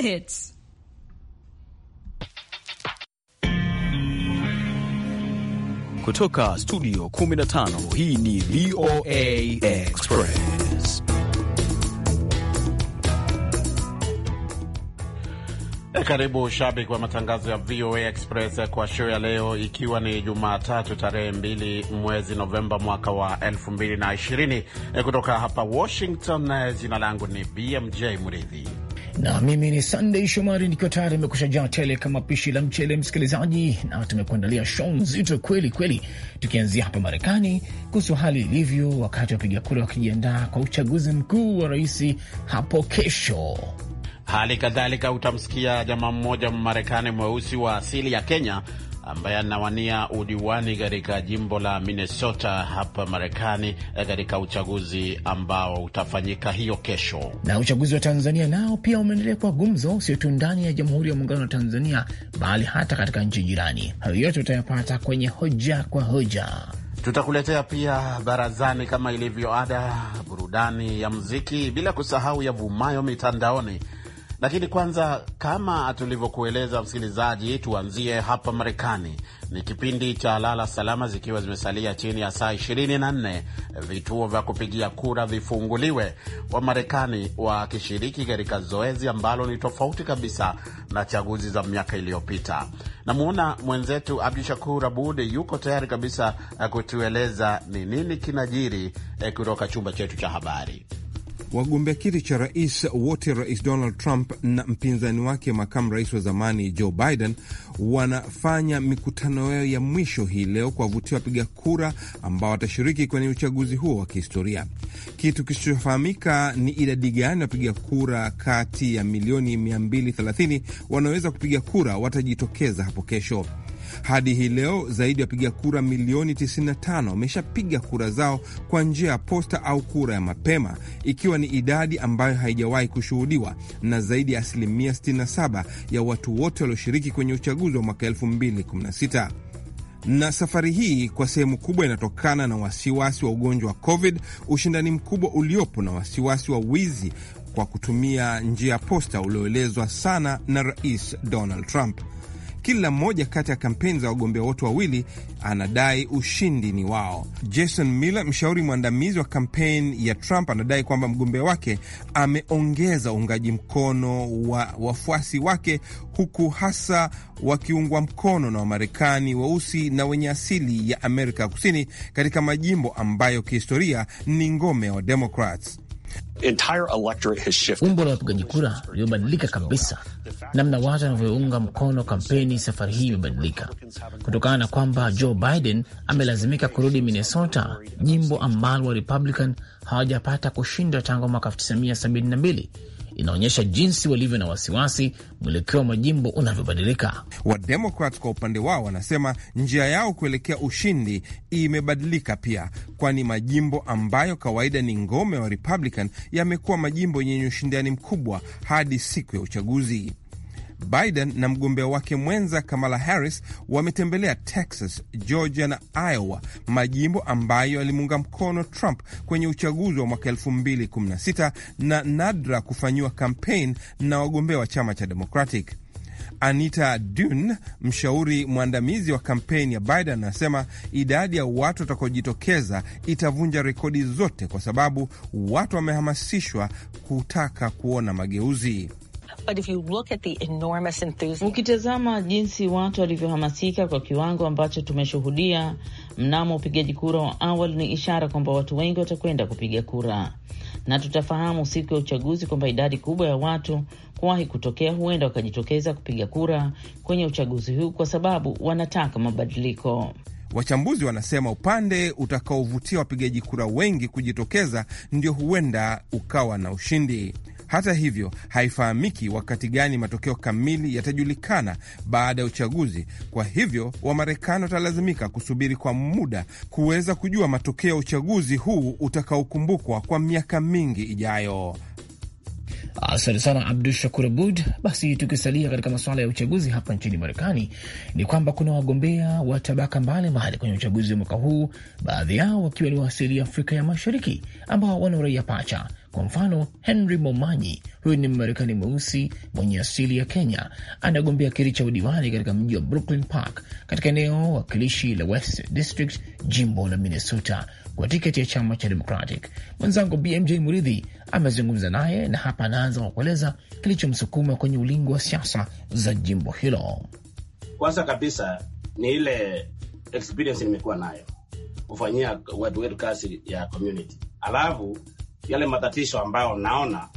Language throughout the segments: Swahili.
hits. Kutoka studio 15 hii ni VOA Express. Karibu shabiki wa matangazo ya VOA Express kwa show ya leo, ikiwa ni Jumatatu tarehe 2 mwezi Novemba mwaka wa 2020 e, kutoka hapa Washington. E, jina langu ni BMJ Mridhi na mimi ni Sunday Shomari nikiwa tayari imekusha jaa tele kama pishi la mchele, msikilizaji, na tumekuandalia show nzito kweli kweli, tukianzia hapa Marekani kuhusu hali ilivyo wakati wapiga kura wakijiandaa kwa uchaguzi mkuu wa rais hapo kesho. Hali kadhalika utamsikia jamaa mmoja Mmarekani mweusi wa asili ya Kenya ambaye anawania udiwani katika jimbo la Minnesota hapa Marekani eh, katika uchaguzi ambao utafanyika hiyo kesho. Na uchaguzi wa Tanzania nao pia umeendelea kuwa gumzo, sio tu ndani ya Jamhuri ya Muungano wa Tanzania, bali hata katika nchi jirani. Hayo yote utayapata kwenye hoja kwa hoja. Tutakuletea pia barazani kama ilivyo ada, burudani ya muziki, bila kusahau yavumayo mitandaoni lakini kwanza, kama tulivyokueleza msikilizaji, tuanzie hapa Marekani. Ni kipindi cha lala salama, zikiwa zimesalia chini ya saa 24 vituo vya kupigia kura vifunguliwe, Wamarekani wakishiriki katika zoezi ambalo ni tofauti kabisa na chaguzi za miaka iliyopita. Namwona mwenzetu Abdu Shakur Abud yuko tayari kabisa eh, kutueleza ni nini kinajiri eh, kutoka chumba chetu cha habari. Wagombea kiti cha rais wote, Rais Donald Trump na mpinzani wake makamu rais wa zamani Joe Biden, wanafanya mikutano yao ya mwisho hii leo kuwavutia wapiga kura ambao watashiriki kwenye uchaguzi huo wa kihistoria. Kitu kisichofahamika ni idadi gani wapiga kura kati ya milioni 230 wanaoweza kupiga kura watajitokeza hapo kesho. Hadi hii leo zaidi ya wapiga kura milioni 95 wameshapiga kura zao kwa njia ya posta au kura ya mapema, ikiwa ni idadi ambayo haijawahi kushuhudiwa, na zaidi ya asilimia 67 ya watu wote walioshiriki kwenye uchaguzi wa mwaka 2016 na safari hii kwa sehemu kubwa inatokana na wasiwasi wa ugonjwa wa COVID, ushindani mkubwa uliopo na wasiwasi wa wizi kwa kutumia njia ya posta ulioelezwa sana na Rais Donald Trump. Kila mmoja kati ya kampeni za wagombea wote wawili anadai ushindi ni wao. Jason Miller, mshauri mwandamizi wa kampeni ya Trump, anadai kwamba mgombea wake ameongeza uungaji mkono wa wafuasi wake, huku hasa wakiungwa mkono na Wamarekani weusi na wenye asili ya Amerika ya Kusini katika majimbo ambayo kihistoria ni ngome ya Wademokrats. Umbo la wapigaji kura limebadilika kabisa. Namna watu wanavyounga mkono kampeni safari hii imebadilika kutokana na kwamba Joe Biden amelazimika kurudi Minnesota, jimbo ambalo wa Republican hawajapata kushinda tangu mwaka 1972 inaonyesha jinsi walivyo na wasiwasi mwelekeo wa majimbo unavyobadilika. Wademokrat kwa upande wao wanasema njia yao kuelekea ushindi imebadilika pia, kwani majimbo ambayo kawaida ni ngome wa Republican yamekuwa majimbo yenye ushindani mkubwa hadi siku ya uchaguzi. Biden na mgombea wake mwenza Kamala Harris wametembelea Texas, Georgia na Iowa, majimbo ambayo yalimuunga mkono Trump kwenye uchaguzi wa mwaka 2016 na nadra kufanyiwa kampeni na wagombea wa chama cha Democratic. Anita dun mshauri mwandamizi wa kampeni ya Biden, anasema idadi ya watu watakaojitokeza itavunja rekodi zote kwa sababu watu wamehamasishwa kutaka kuona mageuzi. Ukitazama jinsi watu walivyohamasika kwa kiwango ambacho tumeshuhudia mnamo upigaji kura wa awali, ni ishara kwamba watu wengi watakwenda kupiga kura, na tutafahamu siku ya uchaguzi kwamba idadi kubwa ya watu kuwahi kutokea huenda wakajitokeza kupiga kura kwenye uchaguzi huu kwa sababu wanataka mabadiliko. Wachambuzi wanasema upande utakaovutia wapigaji kura wengi kujitokeza ndio huenda ukawa na ushindi. Hata hivyo, haifahamiki wakati gani matokeo kamili yatajulikana baada ya uchaguzi. Kwa hivyo, Wamarekani watalazimika kusubiri kwa muda kuweza kujua matokeo ya uchaguzi huu utakaokumbukwa kwa miaka mingi ijayo. Asante sana Abdu Shakur Abud. Basi tukisalia katika masuala ya uchaguzi hapa nchini Marekani, ni kwamba kuna wagombea wa tabaka mbalimbali kwenye uchaguzi wa mwaka huu, baadhi yao wakiwa ni wa asili ya Afrika ya Mashariki ambao wana uraia pacha kwa mfano, Henry Momanyi, huyu ni Mmarekani mweusi mwenye asili ya Kenya, anagombea kiti cha udiwani katika mji wa Brooklyn Park katika eneo wakilishi la West District, jimbo la Minnesota, kwa tiketi ya chama cha Democratic. Mwenzangu BMJ Muridhi amezungumza naye na hapa anaanza kwa kueleza kilichomsukuma kwenye ulingo wa siasa za jimbo hilo. Kwanza kabisa ni ile experience nimekuwa nayo kufanyia watu wetu kazi ya community, alafu yale matatizo ambayo naona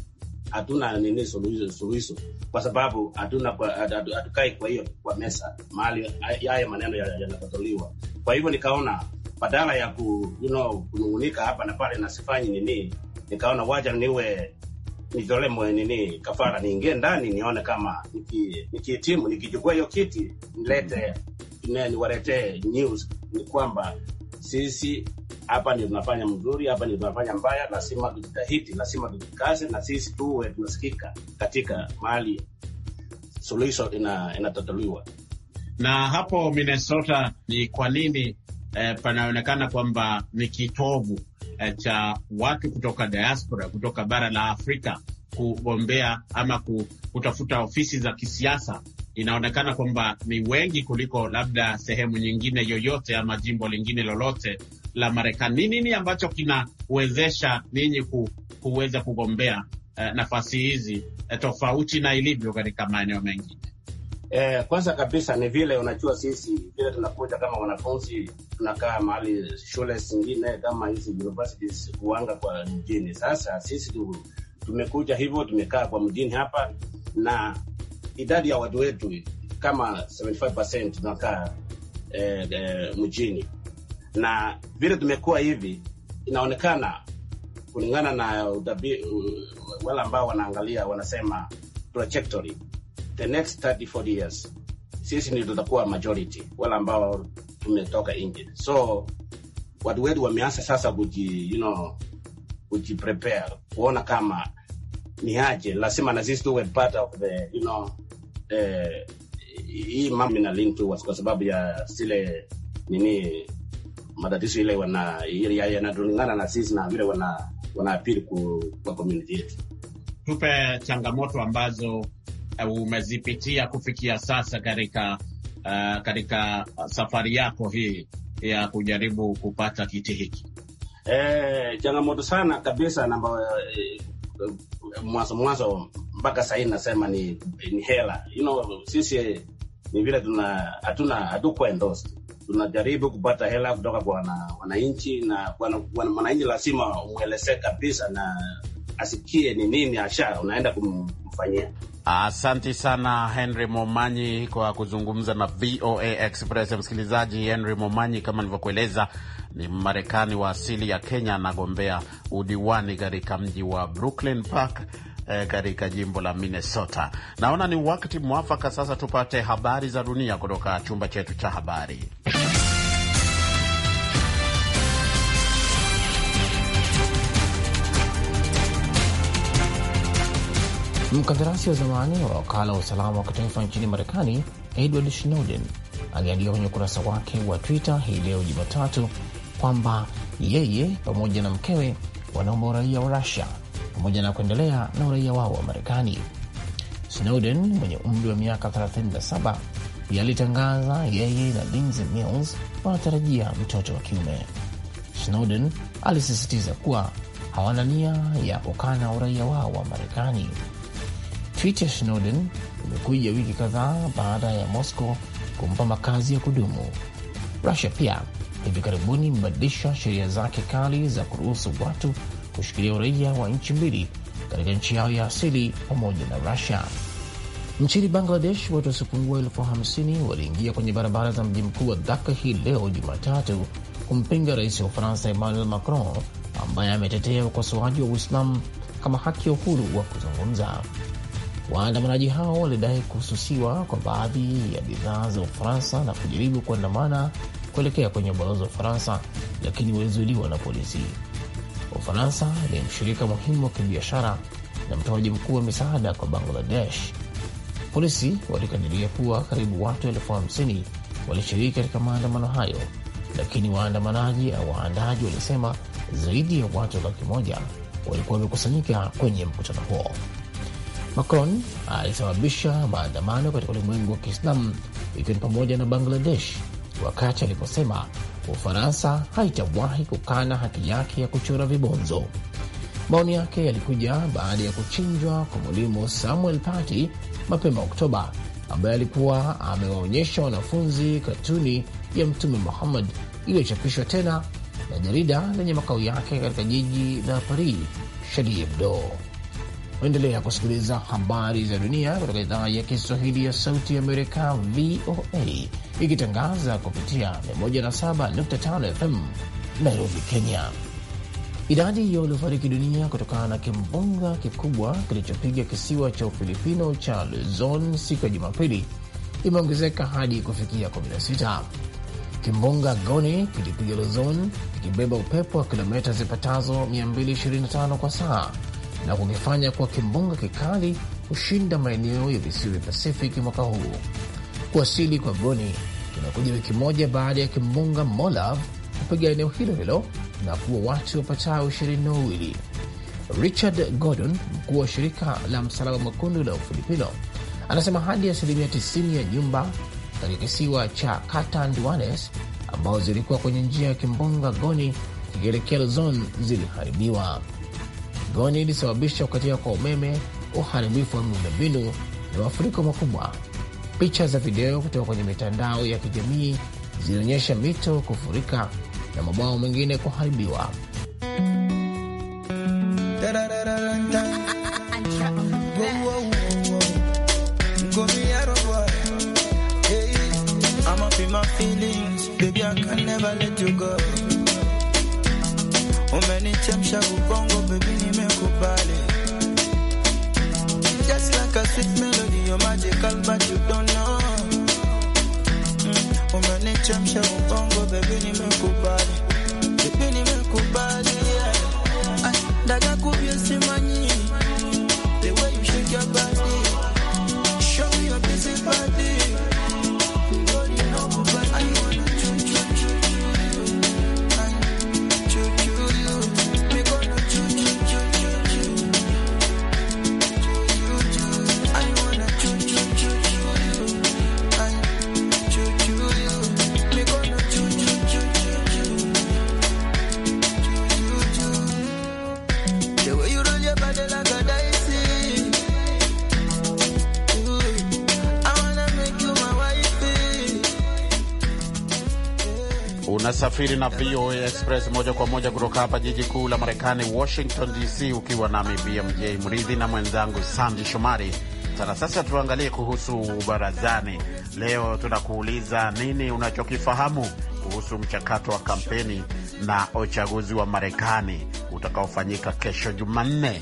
hatuna nini suluhisho suluhisho, kwa sababu hatuna hatukai kwa hiyo kwa mesa mahali haya maneno ya. Kwa hivyo nikaona badala ya ku, you know, kunungunika hapa na pale na sifanyi nini, nikaona waja niwe nitole mwe nini kafara, niingie ndani nione kama nikihitimu, niki nikichukua hiyo kiti nilete niwaletee news ni kwamba sisi hapa ndio tunafanya mzuri, hapa ndio tunafanya mbaya. Lazima tujitahidi, lazima tujikaze, na sisi tuwe tunasikika katika mahali suluhisho ina, inatatuliwa. Na hapo Minnesota ni kwa nini eh, panaonekana kwamba ni kitovu eh, cha watu kutoka diaspora kutoka bara la Afrika kugombea ama kutafuta ofisi za kisiasa inaonekana kwamba ni wengi kuliko labda sehemu nyingine yoyote ama jimbo lingine lolote la Marekani. Ni nini ambacho kinawezesha ninyi ku, kuweza kugombea eh, nafasi hizi eh, tofauti na ilivyo katika maeneo mengine? Eh, kwanza kabisa ni vile unajua, sisi vile tunakuja kama wanafunzi, tunakaa mahali shule zingine kama hizi universities kuanga kwa mjini. Sasa sisi tu, tumekuja hivyo, tumekaa kwa mjini hapa, na idadi ya watu wetu kama 75% tunakaa eh, eh, mjini na vile tumekuwa hivi, inaonekana kulingana na wale ambao wanaangalia wanasema trajectory the next 34 years sisi ndio tutakuwa majority wale ambao tumetoka nje, so watu wetu wameanza sasa kuji, you know, kuji prepare kuona kama ni aje, lazima na sisi tuwe part of the you know, eh, hii mambo ina link to kwa sababu ya zile nini matatizo ile yanatulingana na sisi na vile wana wanaapili kwa community yetu. Tupe changamoto ambazo eh, umezipitia kufikia sasa katika uh, katika safari yako hii ya kujaribu kupata kiti hiki. Eh, changamoto sana kabisa namba e, mwanzo mwanzo mpaka sahii nasema ni, ni hela you know, sisi ni vile tuna hatuna hatuko endorsed tunajaribu kupata hela kutoka kwa wananchi, na mwananchi lazima umwelezee kabisa na asikie ni nini hasha unaenda kumfanyia. Asanti sana Henry Momanyi kwa kuzungumza na VOA Express. Msikilizaji, Henry Momanyi kama nilivyokueleza ni Mmarekani wa asili ya Kenya, anagombea udiwani katika mji wa Brooklyn Park eh, katika jimbo la Minnesota. Naona ni wakati mwafaka sasa tupate habari za dunia kutoka chumba chetu cha habari. Mkandarasi wa zamani wa wakala wa usalama wa kitaifa nchini Marekani, Edward Snowden aliandika kwenye ukurasa wake wa Twitter hii leo Jumatatu kwamba yeye pamoja na mkewe wanaomba uraia wa Rusia pamoja na kuendelea na uraia wao wa Marekani. Snowden mwenye umri wa miaka 37 alitangaza yeye na Lindsey Mills wanatarajia mtoto wa kiume. Snowden alisisitiza kuwa hawana nia ya kukana uraia wao wa Marekani. Tweet ya Snowden imekuja wiki kadhaa baada ya Moscow kumpa makazi ya kudumu. Rusia pia hivi karibuni imebadilisha sheria zake kali za kuruhusu watu kushikilia uraia wa nchi mbili katika nchi yao ya asili pamoja na Rusia. Nchini Bangladesh, watu wasiopungua elfu hamsini waliingia kwenye barabara za mji mkuu wa Dhaka hii leo Jumatatu kumpinga rais wa Ufaransa Emmanuel Macron ambaye ametetea ukosoaji wa Uislamu kama haki ya uhuru wa kuzungumza. Waandamanaji hao walidai kuhususiwa kwa baadhi ya bidhaa za Ufaransa na kujaribu kuandamana kuelekea kwenye ubalozi wa Ufaransa, lakini walizuiliwa na polisi. Ufaransa ni mshirika muhimu wa kibiashara na mtoaji mkuu wa misaada kwa Bangladesh. Polisi walikadiria kuwa karibu watu elfu hamsini walishiriki katika maandamano hayo, lakini waandamanaji au waandaji walisema zaidi ya watu laki moja walikuwa wamekusanyika kwenye mkutano huo. Macron alisababisha maandamano katika ulimwengu wa Kiislamu ikiwa ni pamoja na Bangladesh wakati aliposema Ufaransa haitawahi kukana haki yake ya kuchora vibonzo. Maoni yake yalikuja baada ya kuchinjwa kwa mwalimu Samuel Paty mapema Oktoba, ambaye alikuwa amewaonyesha wanafunzi katuni ya Mtume Muhammad iliyochapishwa tena na jarida lenye makao yake katika jiji la Paris, Charlie Hebdo. Endelea kusikiliza habari za dunia kutoka idhaa ya Kiswahili ya Sauti ya Amerika, VOA, ikitangaza kupitia 107.5 FM Nairobi, Kenya. Idadi ya waliofariki dunia kutokana na kimbunga kikubwa kilichopiga kisiwa cha Ufilipino cha Luzon siku ya Jumapili imeongezeka hadi kufikia 16. Kimbunga Goni kilipiga Luzon kikibeba upepo wa kilometa zipatazo 225 kwa saa na kukifanya kuwa kimbunga kikali kushinda maeneo ya visiwa vya Pacific mwaka huu. Kuwasili kwa Goni kunakuja wiki moja baada ya kimbunga molav kupiga eneo hilo hilo na kuwa watu wapatao ishirini na wawili. Richard Gordon, mkuu wa shirika la Msalaba Mwekundu la Ufilipino, anasema hadi asilimia 90 ya nyumba katika kisiwa cha Catanduanes ambazo zilikuwa kwenye njia ya kimbunga Goni kikielekea Luzon ziliharibiwa. Goni ilisababisha kukatika kwa umeme, uharibifu wa miundombinu na mafuriko makubwa. Picha za video kutoka kwenye mitandao ya kijamii zilionyesha mito kufurika na mabwawa mengine kuharibiwa. sweet melody, you're magical, but you don't know. Mm, umenichemsha ubongo baby, nimekubali unasafiri na VOA Express moja kwa moja kutoka hapa jiji kuu la Marekani, Washington DC, ukiwa nami BMJ Mridhi na mwenzangu Sandi Shomari. Sana, sasa tuangalie kuhusu barazani. Leo tunakuuliza nini unachokifahamu kuhusu mchakato wa kampeni na uchaguzi wa Marekani utakaofanyika kesho Jumanne.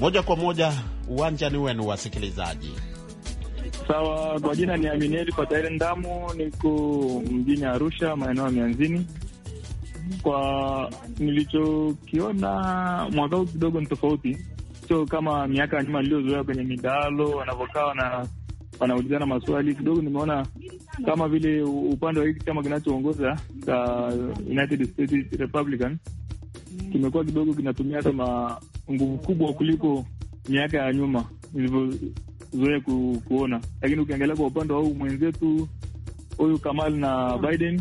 Moja kwa moja uwanja ni wenu, wasikilizaji. Sawa, kwa jina ni Aminieli Fataile Ndamu, niko mjini Arusha, maeneo ya Mianzini. Kwa nilichokiona mwaka huu kidogo ni tofauti, sio kama miaka ya nyuma niliyozoea kwenye midalo wanavyokaa wana wanaulizana maswali kidogo. Nimeona kama vile upande wa hiki chama kinachoongoza cha United States Republican kimekuwa kidogo kinatumia kama nguvu kubwa kuliko miaka ya nyuma ilivyo zoea ku, kuona. Lakini ukiangalia kwa upande wa huyu mwenzetu huyu Kamal na Biden,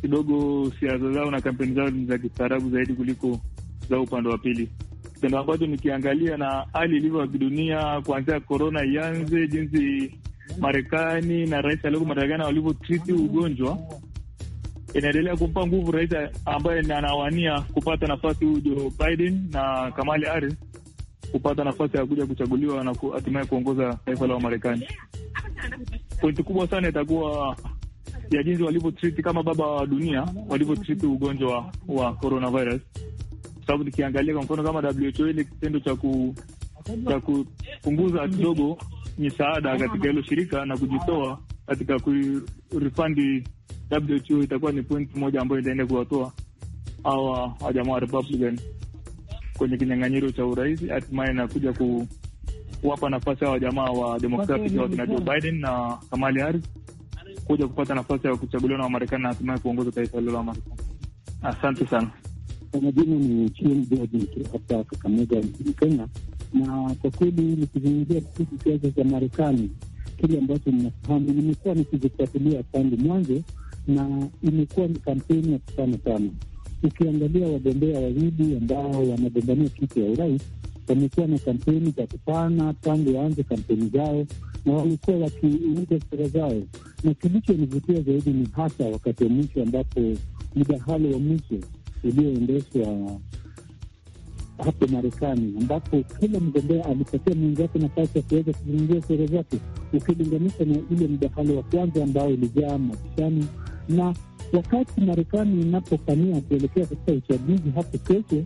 kidogo siasa zao na kampeni zao ni za kistaarabu zaidi kuliko za upande wa pili, kitendo ambacho nikiangalia na hali ilivyo ya kidunia kuanzia korona ianze, jinsi Marekani na rais aliyoko madarakani walivyotriti ugonjwa inaendelea kumpa nguvu rais ambaye anawania kupata nafasi huyo Joe Biden na Kamala Harris kupata nafasi ya kuja kuchaguliwa na hatimaye kuongoza taifa la Wamarekani. Pointi kubwa sana itakuwa ya jinsi walivyotriti kama baba wa dunia walivyotriti ugonjwa wa coronavirus, kwa sababu nikiangalia kwa mfano kama WHO ile kitendo cha ku cha kupunguza kidogo misaada katika hilo shirika na kujitoa katika kurifandi WHO itakuwa ni point moja ambayo itaenda kuwatoa hawa wajamaa wa Republican kwenye kinyang'anyiro cha urais, hatimaye nakuja kuwapa nafasi hawa jamaa wa Democratic wakina Joe Biden na Kamala Harris kuja kupata nafasi ya kuchaguliwa na Wamarekani na hatimaye kuongoza taifa hilo la Marekani. Asante sana. Kwa majina ni Chim George nikihapa Kakamega nchini Kenya, na kwa kweli nikizungumzia kuhusu siasa za Marekani, kile ambacho ninafahamu nimekuwa nikizifuatilia tangu mwanzo na imekuwa ni kampeni ya kufana sana ukiangalia wagombea wawili ambao wanagombania kiti ya urais wamekuwa na kampeni za kupana tangu waanze kampeni zao, na walikuwa wakiuza sera zao, na kilichonivutia zaidi ni hasa wakati wa mwisho ambapo mdahalo wa mwisho ulioendeshwa hapo Marekani, ambapo kila mgombea alipatia mwenzake nafasi ya kuweza kuzungumzia sera zake, ukilinganisha na ile mdahalo wa kwanza ambao ulijaa mabishani na Wakati Marekani inapofania kuelekea katika uchaguzi hapo kesho,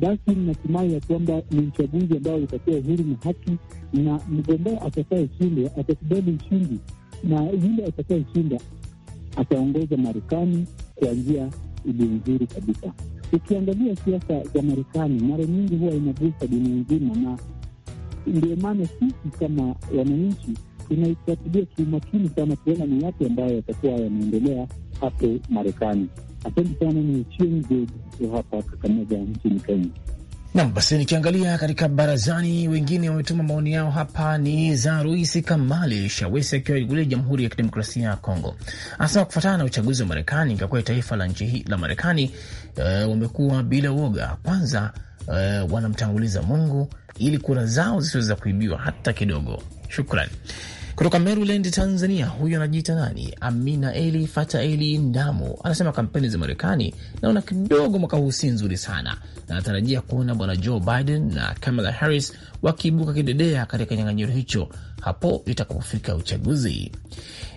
basi natumai ya kwamba ni uchaguzi ambao utakuwa uhuru na haki, na mgombea atakayeshinda atakubali ushindi, na yule shinda ataongoza Marekani kwa njia iliyo nzuri kabisa. Ukiangalia siasa za Marekani mara nyingi huwa inagusa dunia nzima, na ndio maana sisi kama wananchi tunaifuatilia kiumakini sana kuona ni yapi ambayo yatakuwa yanaendelea hapo Marekani. Asante sana, ni Chiengo hapa Kakamega nchini Kenya. Nam, basi nikiangalia katika barazani, wengine wametuma maoni yao hapa. Ni za Ruisi Kamali Shawesi akiwa kule Jamhuri ya Kidemokrasia ya Kongo, anasema kufuatana na uchaguzi wa Marekani ikakuwa taifa la nchi hii la Marekani uh, wamekuwa bila woga kwanza, uh, wanamtanguliza Mungu ili kura zao zisiweza kuibiwa hata kidogo. Shukran. Kutoka Maryland, Tanzania, huyu anajiita nani? Amina Eli Fata Eli Ndamu anasema kampeni za Marekani naona kidogo mwaka huu si nzuri sana, na anatarajia kuona bwana Joe Biden na Kamala Harris wakiibuka kidedea katika kinyang'anyiro hicho hapo itakapofika uchaguzi.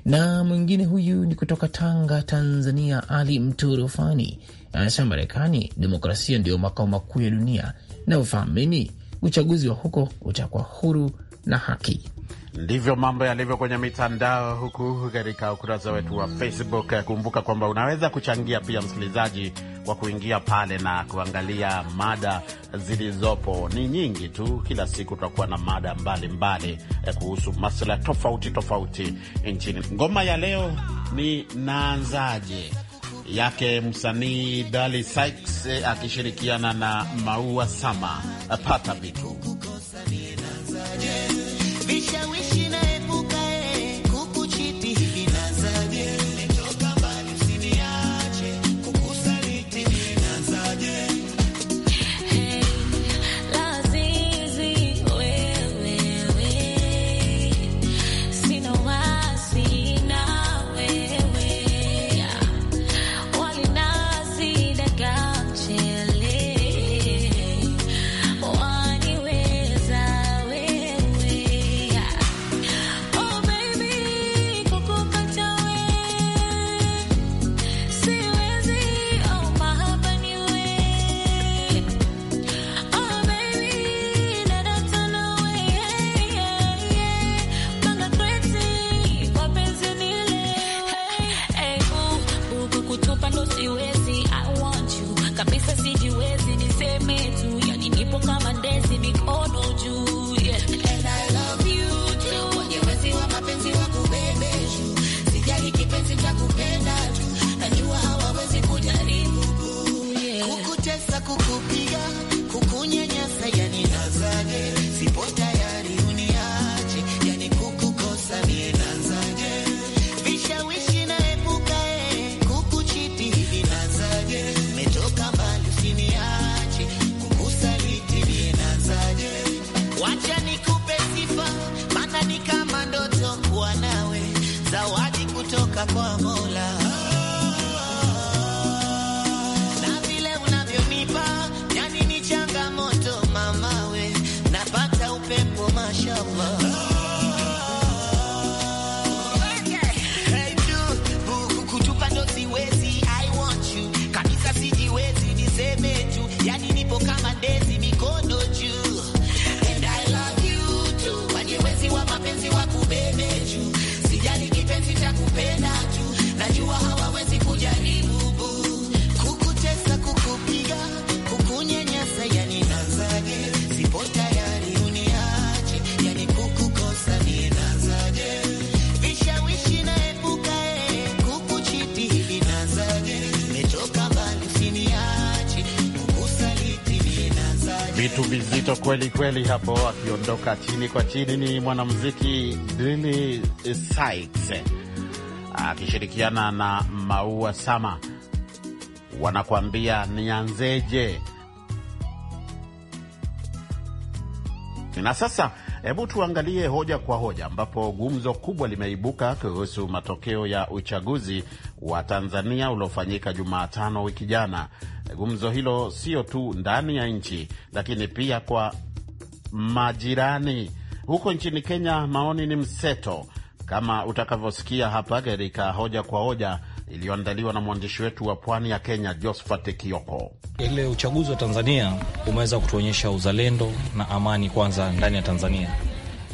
Na mwingine huyu ni kutoka Tanga, Tanzania, Ali Mturufani anasema Marekani demokrasia ndiyo makao makuu ya dunia, na ufahamini uchaguzi wa huko utakuwa huru na haki. Ndivyo mambo yalivyo kwenye mitandao, huku katika ukurasa wetu wa Facebook. Kumbuka kwamba unaweza kuchangia pia, msikilizaji, kwa kuingia pale na kuangalia mada zilizopo. Ni nyingi tu, kila siku tutakuwa na mada mbalimbali mbali, eh, kuhusu masuala tofauti tofauti nchini. Ngoma ya leo ni naanzaje yake msanii Dali Sykes eh, akishirikiana na Maua Sama, pata vitu I wish, and I vitu vizito kweli kweli hapo, akiondoka chini kwa chini. Ni mwanamuziki Dini Sykes akishirikiana na Maua Sama, wanakuambia nianzeje. Na sasa hebu tuangalie hoja kwa hoja, ambapo gumzo kubwa limeibuka kuhusu matokeo ya uchaguzi wa Tanzania uliofanyika Jumatano wiki jana Gumzo hilo sio tu ndani ya nchi, lakini pia kwa majirani. Huko nchini Kenya, maoni ni mseto, kama utakavyosikia hapa katika hoja kwa hoja iliyoandaliwa na mwandishi wetu wa pwani ya Kenya, Josphat Kioko. Ile uchaguzi wa Tanzania umeweza kutuonyesha uzalendo na amani kwanza ndani ya Tanzania.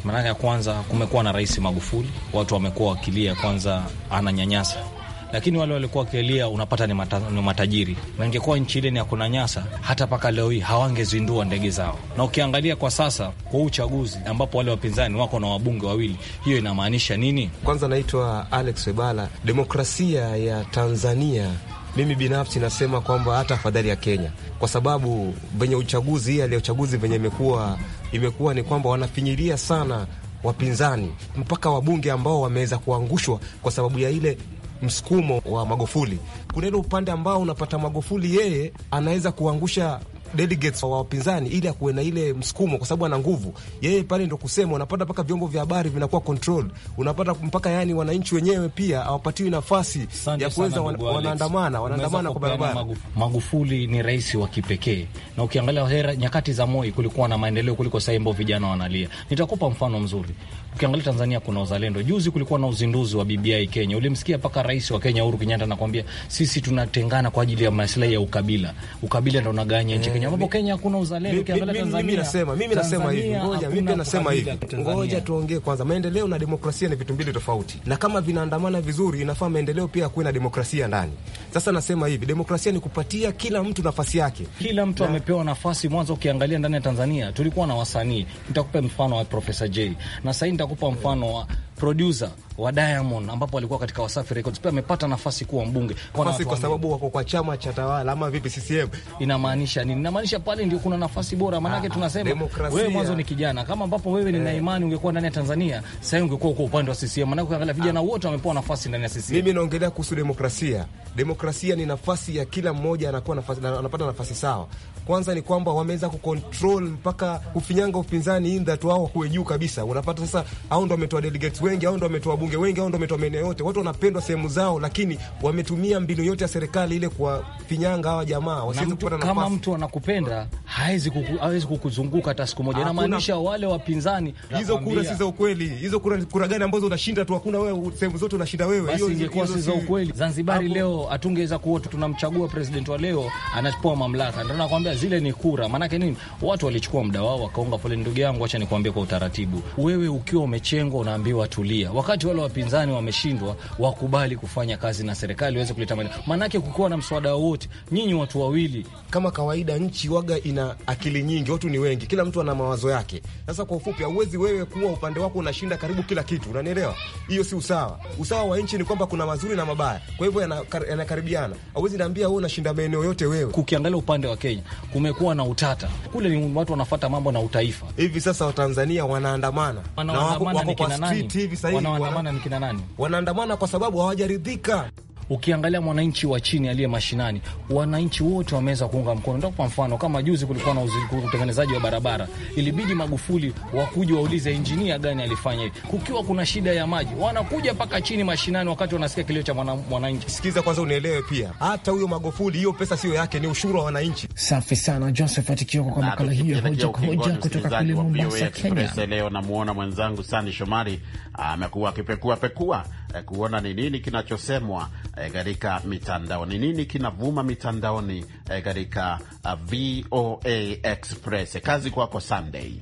Maanake ya kwanza, kumekuwa na Rais Magufuli, watu wamekuwa wakilia kwanza ananyanyasa lakini wale walikuwa wakielia unapata ni, mata, ni matajiri, na ingekuwa nchi ile ni ya nyasa, hata mpaka leo hii hawangezindua ndege zao. Na ukiangalia kwa sasa kwa uchaguzi ambapo wale wapinzani wako na wabunge wawili, hiyo inamaanisha nini? Kwanza naitwa Alex Webala. Demokrasia ya Tanzania mimi binafsi nasema kwamba hata afadhali ya Kenya, kwa sababu venye uchaguzi hii uchaguzi venye imekuwa imekuwa ni kwamba wanafinyilia sana wapinzani mpaka wabunge ambao wameweza kuangushwa kwa sababu ya ile msukumo wa Magufuli. Kuna ile upande ambao unapata Magufuli yeye anaweza kuangusha delegates wa wapinzani ili akuwe na ile msukumo, kwa sababu ana nguvu yeye pale, ndo kusema unapata mpaka vyombo vya habari vinakuwa controlled, unapata mpaka yani wananchi wenyewe pia hawapatiwi nafasi ya kuweza wanaandamana, wanaandamana kwa barabara. Magufuli ni rais wa kipekee, na ukiangalia hera nyakati za Moi kulikuwa na maendeleo kuliko sasa ambao vijana wanalia. Nitakupa mfano mzuri. Ukiangalia Tanzania kuna uzalendo. Juzi kulikuwa na uzinduzi wa BBI Kenya, ulimsikia mpaka rais wa Kenya Uhuru Kenyatta anakuambia sisi tunatengana kwa ajili ya maslahi ya ukabila, ukabila ndo unagawanya nchi eh, Kenya, ambapo Kenya hakuna uzalendo. Ukiangalia Tanzania, mimi nasema mimi nasema hivi, ngoja mimi pia nasema hivi, ngoja tuongee kwanza. Maendeleo na demokrasia ni vitu mbili tofauti, na kama vinaandamana vizuri, inafaa maendeleo pia kuwe na demokrasia ndani. Sasa nasema hivi, demokrasia ni kupatia kila mtu nafasi yake, kila mtu amepewa nafasi. Mwanzo ukiangalia ndani ya Tanzania tulikuwa na wasanii, nitakupa mfano wa Profesa J na sasa nitakupa mfano wa producer wa Diamond ambapo alikuwa katika Wasafi Records pia amepata nafasi kuwa mbunge kwa, nafasi kwa sababu wako kwa chama cha tawala ama vipi? CCM inamaanisha nini? Inamaanisha pale ndio kuna nafasi bora, maanake ah, tunasema wewe mwanzo ni kijana kama ambapo wewe nina eh. imani ungekuwa ndani ya Tanzania sasa hivi ungekuwa uko upande wa CCM, maanake ukiangalia vijana ah. wote wamepewa nafasi ndani ya CCM. Mimi naongelea kuhusu demokrasia. Demokrasia ni nafasi ya kila mmoja, anakuwa nafasi, anapata nafasi sawa. Kwanza ni kwamba wameweza kucontrol mpaka kufinyanga upinzani in that wao kuwe juu kabisa. Unapata sasa, au ndo wametoa delegates wengi, au ndo wametoa bunge wengi, au ndo wametoa maeneo yote. Watu wanapendwa sehemu zao, lakini wametumia mbinu yote ya serikali ile kuwafinyanga hawa jamaa wasiweze kupata nafasi. Kama mtu anakupenda hawezi kuku, hawezi kukuzunguka hata siku moja. Inamaanisha wale wapinzani, hizo kura si za ukweli. Hizo kura kura gani ambazo unashinda tu? Hakuna wewe, sehemu zote unashinda wewe. Basi ingekuwa si za ukweli, Zanzibari leo hatungeweza kuota tunamchagua president wa leo anachukua mamlaka, ndio nakwambia ila zile ni kura. Maanake nini? Watu walichukua muda wao wakaunga foleni. Ndugu yangu, acha nikuambie kwa utaratibu, wewe ukiwa umechengwa unaambiwa tulia, wakati wale wapinzani wameshindwa, wakubali kufanya kazi na serikali waweze kuleta maendeleo. Maanake kukiwa na mswada wowote, nyinyi watu wawili, kama kawaida, nchi waga ina akili nyingi, watu ni wengi, kila mtu ana mawazo yake. Sasa kwa ufupi, hauwezi wewe kuwa upande wako unashinda karibu kila kitu, unanielewa? Hiyo si usawa. Usawa wa nchi ni kwamba kuna mazuri na mabaya, kwa hivyo yanakaribiana. Hauwezi niambia wewe unashinda maeneo yote wewe. Kukiangalia upande wa Kenya kumekuwa na utata kule, ni watu wanafata mambo na utaifa. Hivi sasa Watanzania wanaandamana wanaandamana, wako kwa street wanaandamana ni kina nani? Wanaandamana kwa sababu hawajaridhika Ukiangalia mwananchi wa chini aliye mashinani, wananchi wote wameweza kuunga mkono. Ndio kwa mfano kama juzi kulikuwa na utengenezaji wa barabara, ilibidi Magufuli wakuja waulize injinia gani alifanya hivi. Kukiwa kuna shida ya maji, wanakuja mpaka chini mashinani, wakati wanasikia kilio cha mwananchi. Sikiza kwanza, unielewe, pia, hata huyo Magufuli, hiyo pesa sio yake, ni ushuru wa wananchi. Safi sana, Josephat Kioko kwa makala hiyo hoja kwa hoja kutoka kule Mombasa, Kenya. Leo namuona mwenzangu Sani Shomari amekuwa akipekua pekua eh, kuona ni nini kinachosemwa eh, katika eh, mitandao, ni nini kinavuma mitandaoni eh, katika eh, VOA Express. Kazi kwako Sunday.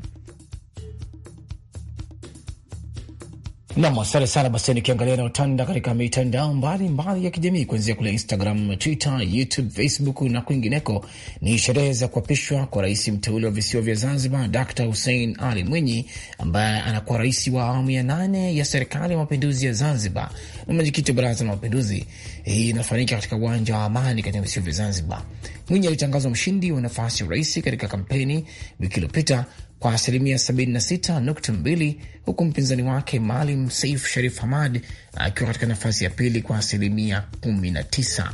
Nam, asante sana. Basi nikiangalia naotanda katika mitandao mbalimbali ya kijamii kuanzia kule Instagram, Twitter, YouTube, Facebook na kwingineko, ni sherehe za kuapishwa kwa rais mteule wa visiwa vya Zanzibar, Dr Hussein Ali Mwinyi, ambaye anakuwa rais wa awamu ya nane ya serikali ya mapinduzi ya Zanzibar na mwenyekiti wa baraza la mapinduzi. Hii inafanyika katika uwanja wa Amani katika visiwa vya Zanzibar. Mwinyi alitangazwa mshindi wa nafasi ya urais katika kampeni wiki iliyopita kwa asilimia 76.2 huku mpinzani wake Maalim saif Sharif Hamad akiwa katika nafasi ya pili kwa asilimia 19.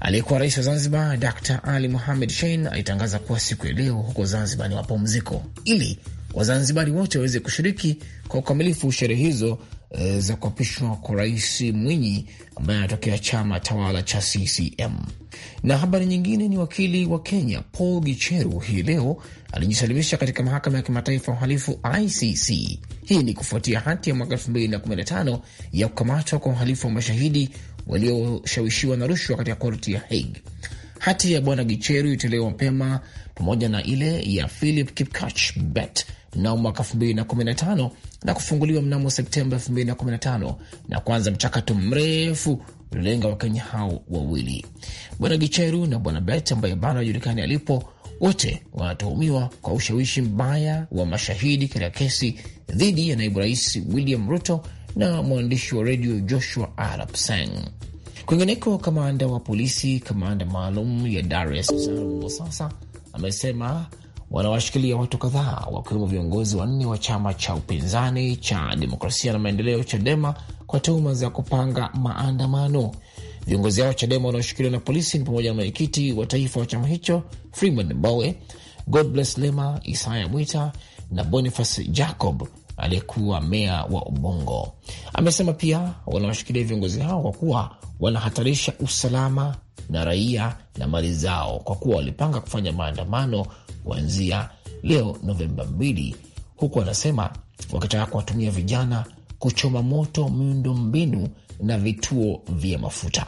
Aliyekuwa rais wa Zanzibar Dr Ali muhamed Shein alitangaza kuwa siku ya leo huko Zanzibar ni mapumziko ili Wazanzibari wote waweze kushiriki kwa ukamilifu sherehe hizo E, za kuapishwa kwa Rais Mwinyi ambaye anatokea chama tawala cha CCM. Na habari nyingine ni wakili wa Kenya Paul Gicheru hii leo alijisalimisha katika mahakama ya kimataifa ya uhalifu ICC. Hii ni kufuatia hati ya mwaka 2015 ya kukamatwa kwa uhalifu wa mashahidi walioshawishiwa na rushwa katika korti ya Hague. Hati ya bwana Gicheru itolewa mapema pamoja na ile ya Philip Kipkach Bet mnamo mwaka 2015 na kufunguliwa mnamo Septemba 2015 na kuanza mchakato mrefu uliolenga Wakenya hao wawili, Bwana Gicheru na Bwana Bet ambaye bado hajulikani alipo. Wote wanatuhumiwa kwa ushawishi mbaya wa mashahidi katika kesi dhidi ya naibu rais William Ruto na mwandishi wa redio Joshua Arap Sang. Kwingineko, kamanda wa polisi kamanda maalum ya Dar es Salaam amesema wanawashikilia watu kadhaa wakiwemo viongozi wanne wa chama cha upinzani cha demokrasia na maendeleo Chadema kwa tuhuma za kupanga maandamano. Viongozi hao wa Chadema wanaoshikiliwa na polisi ni pamoja na mwenyekiti wa taifa wa chama hicho Freeman Mbowe, Godbless Lema, Isaya Mwita na Boniface Jacob aliyekuwa meya wa Ubongo. Amesema pia wanawashikilia viongozi hao kwa kuwa wanahatarisha usalama na raia na mali zao, kwa kuwa walipanga kufanya maandamano kuanzia leo Novemba 2, huku wanasema wakitaka kuwatumia vijana kuchoma moto miundo mbinu na vituo vya mafuta.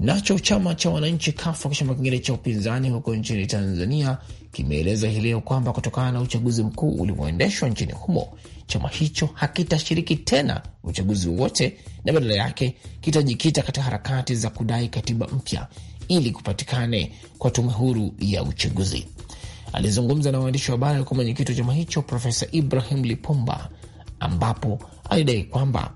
Nacho chama cha wananchi kafu akishama kingine cha upinzani huko nchini Tanzania kimeeleza hii leo kwamba kutokana na uchaguzi mkuu ulivyoendeshwa nchini humo, chama hicho hakitashiriki tena uchaguzi wowote na badala yake kitajikita katika harakati za kudai katiba mpya ili kupatikane kwa tume huru ya uchaguzi. Alizungumza na waandishi wa habari alikuwa mwenyekiti wa chama hicho Profesa Ibrahim Lipumba, ambapo alidai kwamba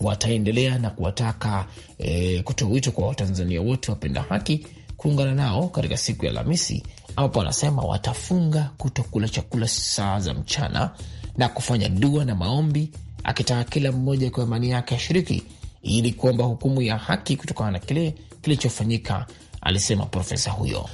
wataendelea na kuwataka e, kutoa wito kwa Watanzania wote wapenda haki kuungana nao katika siku ya Alhamisi ambapo wanasema watafunga kutokula chakula saa za mchana na kufanya dua na maombi, akitaka kila mmoja kwa imani yake ashiriki ili kuomba hukumu ya haki kutokana na kile kilichofanyika, alisema profesa huyo.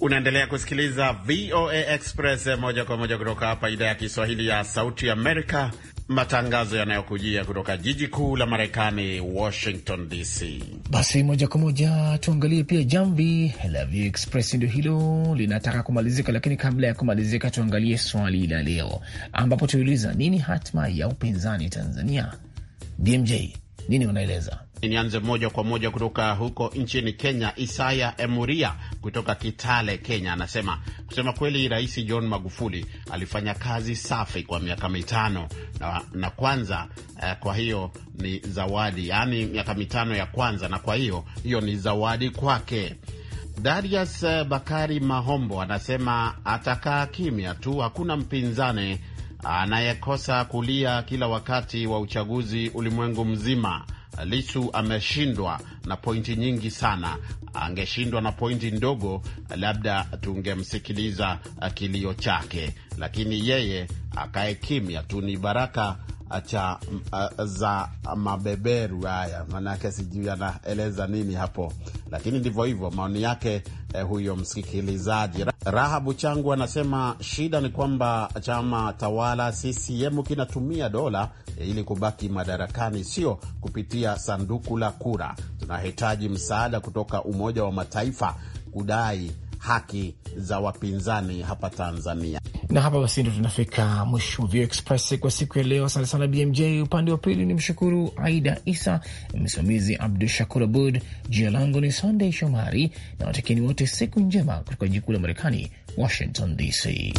Unaendelea kusikiliza VOA Express moja kwa moja kutoka hapa idhaa ya Kiswahili ya Sauti Amerika, matangazo yanayokujia kutoka jiji kuu la Marekani, Washington DC. Basi moja kwa moja tuangalie pia jamvi la View Express, ndio hilo linataka kumalizika, lakini kabla ya kumalizika, tuangalie swali la leo, ambapo tuuliza nini hatma ya upinzani Tanzania. BMJ, nini unaeleza? Nianze moja kwa moja kutoka huko nchini Kenya. Isaya Emuria kutoka Kitale, Kenya, anasema kusema kweli, Rais John Magufuli alifanya kazi safi kwa miaka mitano na, na kwanza eh, kwa hiyo ni zawadi, yaani miaka mitano ya kwanza, na kwa hiyo hiyo ni zawadi kwake. Darius eh, Bakari Mahombo anasema atakaa kimya tu, hakuna mpinzani anayekosa kulia kila wakati wa uchaguzi ulimwengu mzima Lisu ameshindwa na pointi nyingi sana. Angeshindwa na pointi ndogo, labda tungemsikiliza kilio chake, lakini yeye akae kimya tu. Ni baraka cha za mabeberu haya, manake sijui anaeleza nini hapo, lakini ndivyo hivyo maoni yake eh, huyo msikilizaji. Rahabu Changu anasema shida ni kwamba chama tawala CCM kinatumia dola eh, ili kubaki madarakani, sio kupitia sanduku la kura. Tunahitaji msaada kutoka Umoja wa Mataifa kudai haki za wapinzani hapa Tanzania. Na hapa basi ndo tunafika mwisho wa Express kwa siku ya leo. Asante sana BMJ. Upande wa pili ni mshukuru Aida Isa, msimamizi Abdu Shakur Abud. Jina langu ni Sandey Shomari na watakieni wote siku njema kutoka jikuu la Marekani, Washington DC.